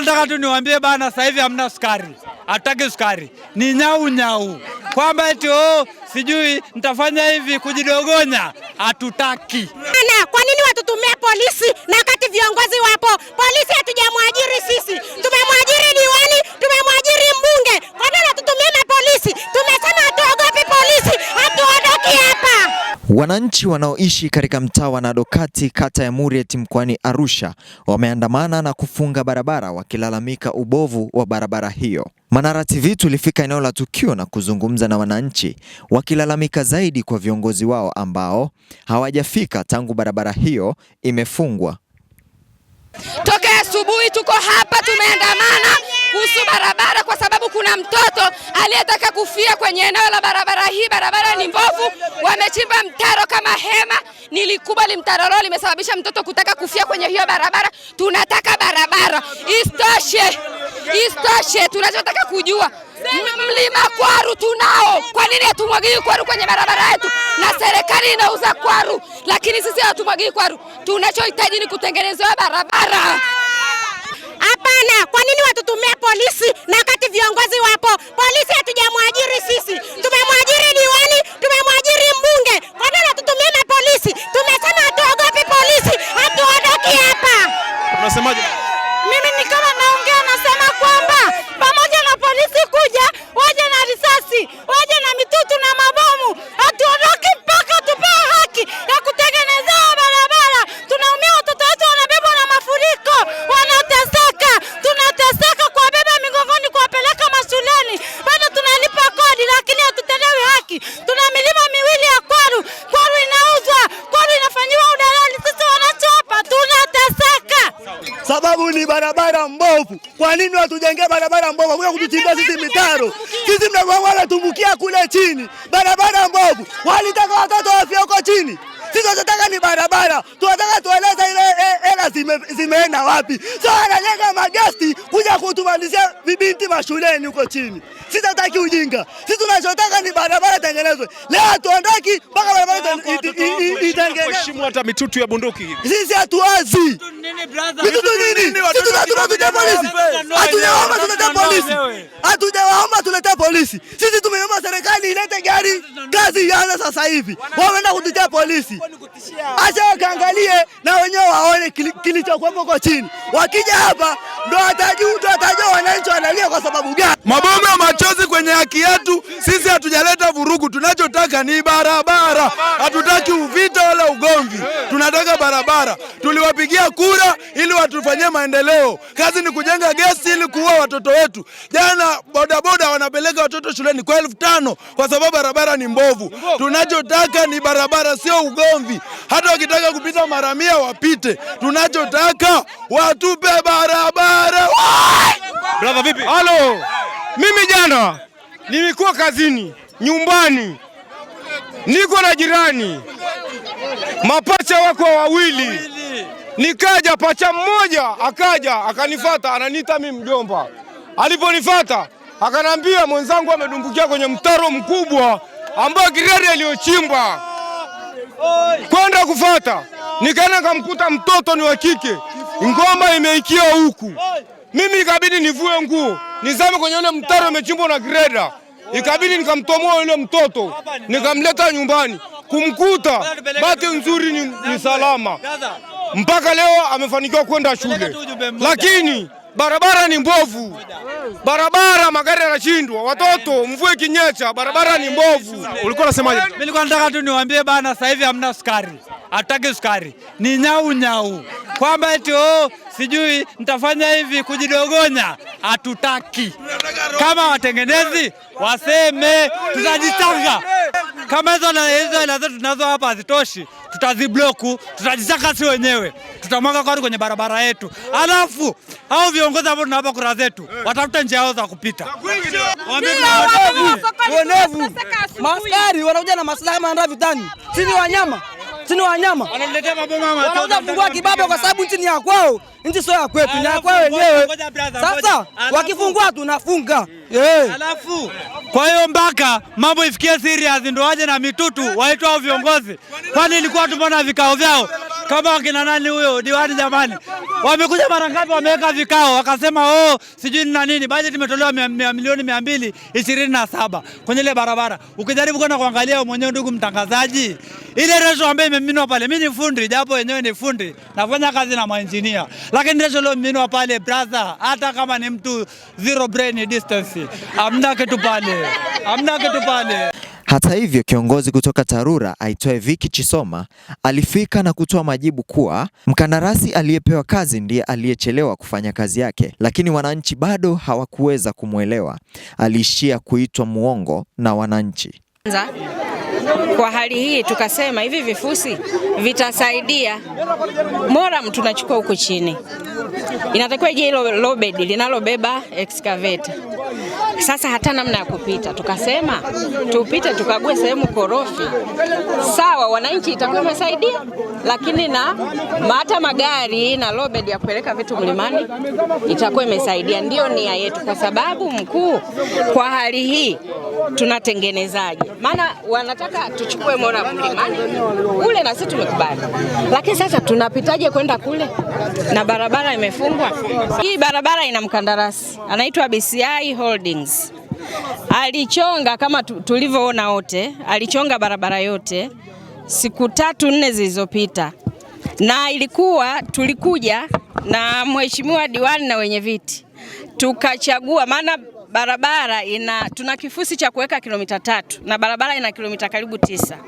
nataka tu niwaambie bana, sasa hivi hamna sukari, hatutaki sukari, ni nyau nyau, kwamba eti oh, sijui nitafanya hivi kujidogonya, hatutaki. Kwa nini watutumie polisi na wakati viongozi wapo? Polisi hatujamwajiri sisi, tumemwajiri Wananchi wanaoishi katika mtaa wa Nado Kati, kata ya muriet mkoani Arusha wameandamana na kufunga barabara wakilalamika ubovu wa barabara hiyo. Manara TV tulifika eneo la tukio na kuzungumza na wananchi wakilalamika zaidi kwa viongozi wao ambao hawajafika tangu barabara hiyo imefungwa. Toka asubuhi tuko hapa tumeandamana kuhusu barabara kuna mtoto aliyetaka kufia kwenye eneo la barabara hii. Barabara ni mbovu, wamechimba mtaro kama hema. Nilikubali mtaro leo limesababisha mtoto kutaka kufia kwenye hiyo barabara. Tunataka barabara istoshe, istoshe. Tunachotaka kujua mlima kwaru tunao, kwa nini hatumwagii kwaru kwenye barabara yetu? Na serikali inauza kwaru, lakini sisi hatumwagii kwaru. Tunachohitaji ni kutengenezewa barabara. Hapana, kwa nini watutumie polisi na wakati viongozi wapo? Polisi hatujamwajiri sisi, tumemwajiri diwani, tumemwajiri mbunge mbovu. Kwa nini watujengee barabara mbovu? Mko kutuchimbia sisi mitaro. Sisi mnagonga tumbukia kule chini. Barabara mbovu. Walitaka watoto wafie huko chini. Sisi tunataka ni barabara, tunataka tueleze ile e, hela zimeenda wapi. Sio analenga magesti kuja kutumalizia vibinti mashuleni huko chini. Sisi hataki ujinga, sisi tunachotaka ni barabara itengenezwe leo, hatuondoki mpaka barabara itengenezwe. Heshimu hata mitutu ya bunduki hivi, sisi hatuwazi mitutu nini? Sisi tunatuma polisi, hatujaomba tulete polisi, hatujawaomba tulete polisi. Sisi tumeomba serikali ilete gari, kazi ianze sasa hivi, wameenda kututia polisi. Acha wakaangalie na wenyewe waone kilichokuwepo kwa chini. Wakija hapa ndo watajuta, watajua wananchi wanalia kwa sababu gani. Mabomu ya machozi kwenye haki yetu sisi, hatujaleta vurugu. Tunachotaka ni barabara, hatutaki uvita wala ugomvi, tunataka barabara. Tuliwapigia kura ili watufanyie maendeleo, kazi ni kujenga gesi ili kuua watoto wetu. Jana bodaboda wanapeleka watoto shuleni kwa elfu tano kwa sababu barabara ni mbovu. Tunachotaka ni barabara, sio ugomvi ugomvi. Hata wakitaka kupita mara mia wapite, tunachotaka watupe barabara. Brother vipi? Halo, mimi jana nilikuwa kazini, nyumbani, niko na jirani, mapacha wako wawili, nikaja pacha mmoja akaja akanifata, ananiita mimi mjomba. Aliponifata akanambia mwenzangu amedumbukia kwenye mtaro mkubwa ambao kirari aliyochimba kwenda kufata, nikaenda kamkuta mtoto ni wa kike, ngoma imeikia huku, mimi ikabidi nivue nguo nizame kwenye ule mtaro umechimbwa na greda, ikabidi nikamtomoa ule mtoto nikamleta nyumbani kumkuta bati nzuri ni, ni salama mpaka leo amefanikiwa kwenda shule lakini Barabara ni mbovu, barabara magari yanashindwa, watoto, mvue ikinyesha, barabara ni mbovu. Ulikuwa unasemaje? Mimi nilikuwa nataka tu niwaambie bana, sasa hivi hamna sukari, hatutaki sukari, ni nyau nyau, kwamba eti oh, sijui nitafanya hivi kujidogonya, hatutaki. Kama watengenezi waseme, tutajitanga. Kama hizo hela zetu tunazo hapa hazitoshi, tutazibloku, tutajitanga si wenyewe, tutamwaga kwani kwenye barabara yetu, alafu hao viongozi ambao tunawapa kura zetu eh. watafuta njia yao za kupita. Waonevu maskari wanakuja na maslahi maanda vitani, sini wanyama? sini ni wanyama? Wanauza fungua kibabe kwa sababu nchi ni ya kwao, nchi sio ya kwetu, ni ya kwao wenyewe. Sasa wakifungua tunafunga. Hmm. Alafu kwa hiyo mpaka mambo ifikie serious ndio waje na mitutu waitwa au viongozi, kwani ilikuwa tumeona vikao vyao kama wakina nani huyo diwani jamani, wamekuja mara ngapi, wameweka vikao wakasema oh, sijui na nini, bajeti imetolewa milioni mia mbili ishirini na saba kwenye ile barabara. Ukijaribu kwenda kuangalia mwenyewe, ndugu mtangazaji, ile resho ambayo imeminwa pale, mi ni fundi japo wenyewe ni fundi, nafanya kazi na mainjinia, lakini resho leo imeminwa pale brother, hata kama ni mtu zero brain distance, amna kitu pale, amna kitu pale. Hata hivyo, kiongozi kutoka TARURA aitwaye Vicky Chisoma alifika na kutoa majibu kuwa mkandarasi aliyepewa kazi ndiye aliyechelewa kufanya kazi yake, lakini wananchi bado hawakuweza kumwelewa. Aliishia kuitwa muongo na wananchi. Kwa hali hii tukasema hivi vifusi vitasaidia Moram, tunachukua huko chini, inatakiwa ije hilo lobedi linalobeba excavator sasa hata namna ya kupita, tukasema tupite tukague sehemu korofi. Sawa, wananchi itakuwa imesaidia, lakini na hata magari na lobed ya kupeleka vitu mlimani itakuwa imesaidia. Ndiyo nia yetu, kwa sababu mkuu, kwa hali hii tunatengenezaje? Maana wanataka tuchukue mora mlimani ule, na sisi tumekubali, lakini sasa tunapitaje kwenda kule na barabara imefungwa? Hii barabara ina mkandarasi anaitwa BCI Holdings alichonga kama tulivyoona wote, alichonga barabara yote siku tatu nne zilizopita, na ilikuwa tulikuja na mheshimiwa diwani na wenye viti tukachagua, maana barabara ina tuna kifusi cha kuweka kilomita tatu na barabara ina kilomita karibu tisa.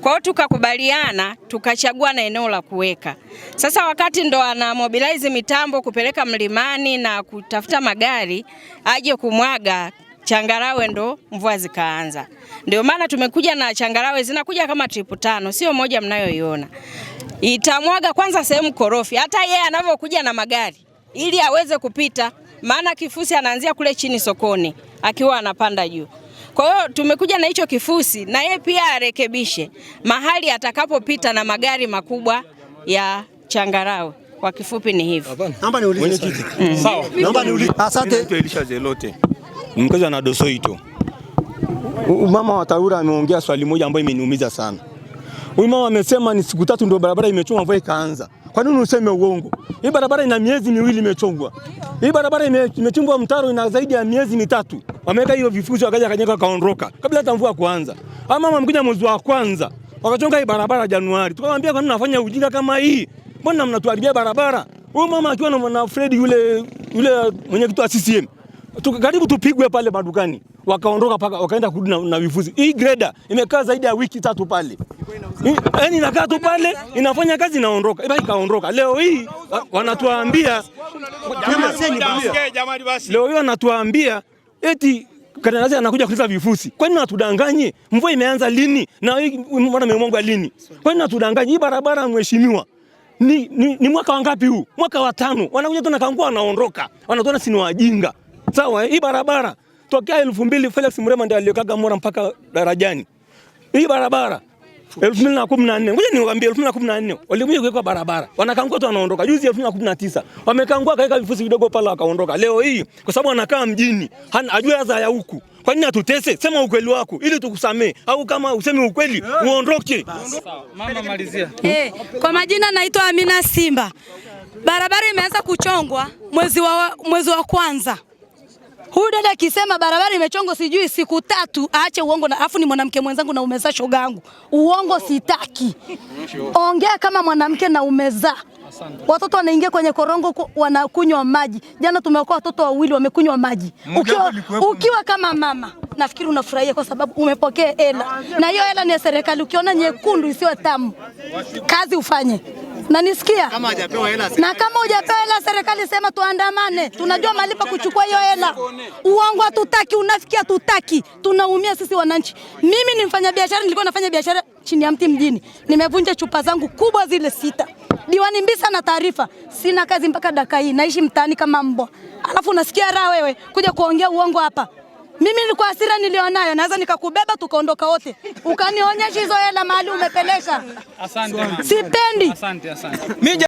Kwa hiyo tukakubaliana tukachagua na eneo la kuweka. Sasa wakati ndo ana mobilize mitambo kupeleka mlimani na kutafuta magari aje kumwaga changarawe ndo mvua zikaanza. Ndio maana tumekuja na changarawe zinakuja kama tripu tano, sio moja mnayoiona. Itamwaga kwanza sehemu korofi, hata yeye anavyokuja na magari ili aweze kupita maana kifusi anaanzia kule chini sokoni akiwa anapanda juu. Kwa hiyo tumekuja na hicho kifusi, na yeye pia arekebishe mahali atakapopita na magari makubwa ya changarawe. Kwa kifupi ni hivyo. Naomba niulize mm. Sawa. Naomba niulize. Asante. Elisha Zelote mkazi na Dosoito. Mama wa Tarura ameongea swali moja ambayo imeniumiza sana. Huyu mama amesema ni siku tatu ndio barabara imechoma mvua ikaanza. Kwa nini useme uongo? Hii barabara ina miezi miwili imechongwa. Hii barabara imechimbwa mtaro ina zaidi ya miezi mitatu. Wameweka hiyo vifusi wakaja kanyeka kaondoka kabla hata mvua kuanza. Ama mama mkuja mwezi wa kwanza wakachonga hii barabara Januari. Tukamwambia kwa nini unafanya ujinga kama hii? Mbona mnatuharibia barabara? Huyu mama akiwa na, mwana Fred yule yule mwenyekiti wa CCM. Tukaribu tupigwe pale madukani. Wakaondoka paka wakaenda kurudi na, na vifusi. Hii greda imekaa zaidi ya wiki tatu pale yaani inakaa tu pale inafanya kazi inaondoka, iba kaondoka. Leo hii wanatuambia leo hii wanatuambia eti Katanas anakuja kuleta vifusi. Kwani natudanganye? Mvua imeanza lini na mwana memwangwa lini? Kwani natudanganye? Hii barabara mheshimiwa, ni, ni, ni mwaka wangapi huu? Mwaka wa tano. Wanakuja tu na kangua wanaondoka, wanatuona si ni wajinga. Sawa, hii barabara tokea elfu mbili Felix Mrema ndiye aliyokaga mora mpaka darajani. Hii barabara elfu mbili na kumi na nne ngoja niwaambie, elfu mbili na kumi na nne walikuja kuweka barabara, wanakangua tu wanaondoka. Juzi elfu mbili na kumi na tisa wamekangua, kaweka vifusi vidogo pale, wakaondoka. Leo hii kwa sababu anakaa mjini, ajue adha ya huku. Kwa nini atutese? Sema ukweli wako ili tukusamee, au kama usemi ukweli eh. uondoke. Mama malizia. Eh, kwa majina naitwa Amina Simba. Barabara imeanza kuchongwa mwezi wa, mwezi wa kwanza Huyu dada akisema barabara imechongo sijui siku tatu, aache uongo na afu ni mwanamke mwenzangu na umezaa shogangu. Uongo sitaki. Ongea kama mwanamke na umezaa. Watoto wanaingia kwenye korongo wanakunywa maji. Jana tumeokoa watoto wawili wamekunywa maji. Ukiwa, ukiwa kama mama nafikiri unafurahia kwa sababu umepokea hela, na hiyo hela ni ya serikali. Ukiona nyekundu isiyo tamu, kazi ufanye. Nanisikia? Kama hajapewa hela. Na kama hujapewa hela serikali sema tuandamane. Tunajua malipo kuchukua hiyo hela. Uongo hatutaki, unafiki hatutaki. Tunaumia sisi wananchi. Mimi ni mfanyabiashara, nilikuwa nafanya biashara chini ya mti mjini. Nimevunja chupa zangu kubwa zile sita. Diwani Mbisa na taarifa. Sina kazi mpaka dakika hii. Naishi mtaani kama mbwa. Alafu unasikia raha wewe kuja kuongea uongo hapa. Mimi nilikuwa hasira nilionayo, naweza nikakubeba tukaondoka wote, ukanionyesha hizo hela mahali umepelesha. Asante mama. Sipendi. Asante, asante.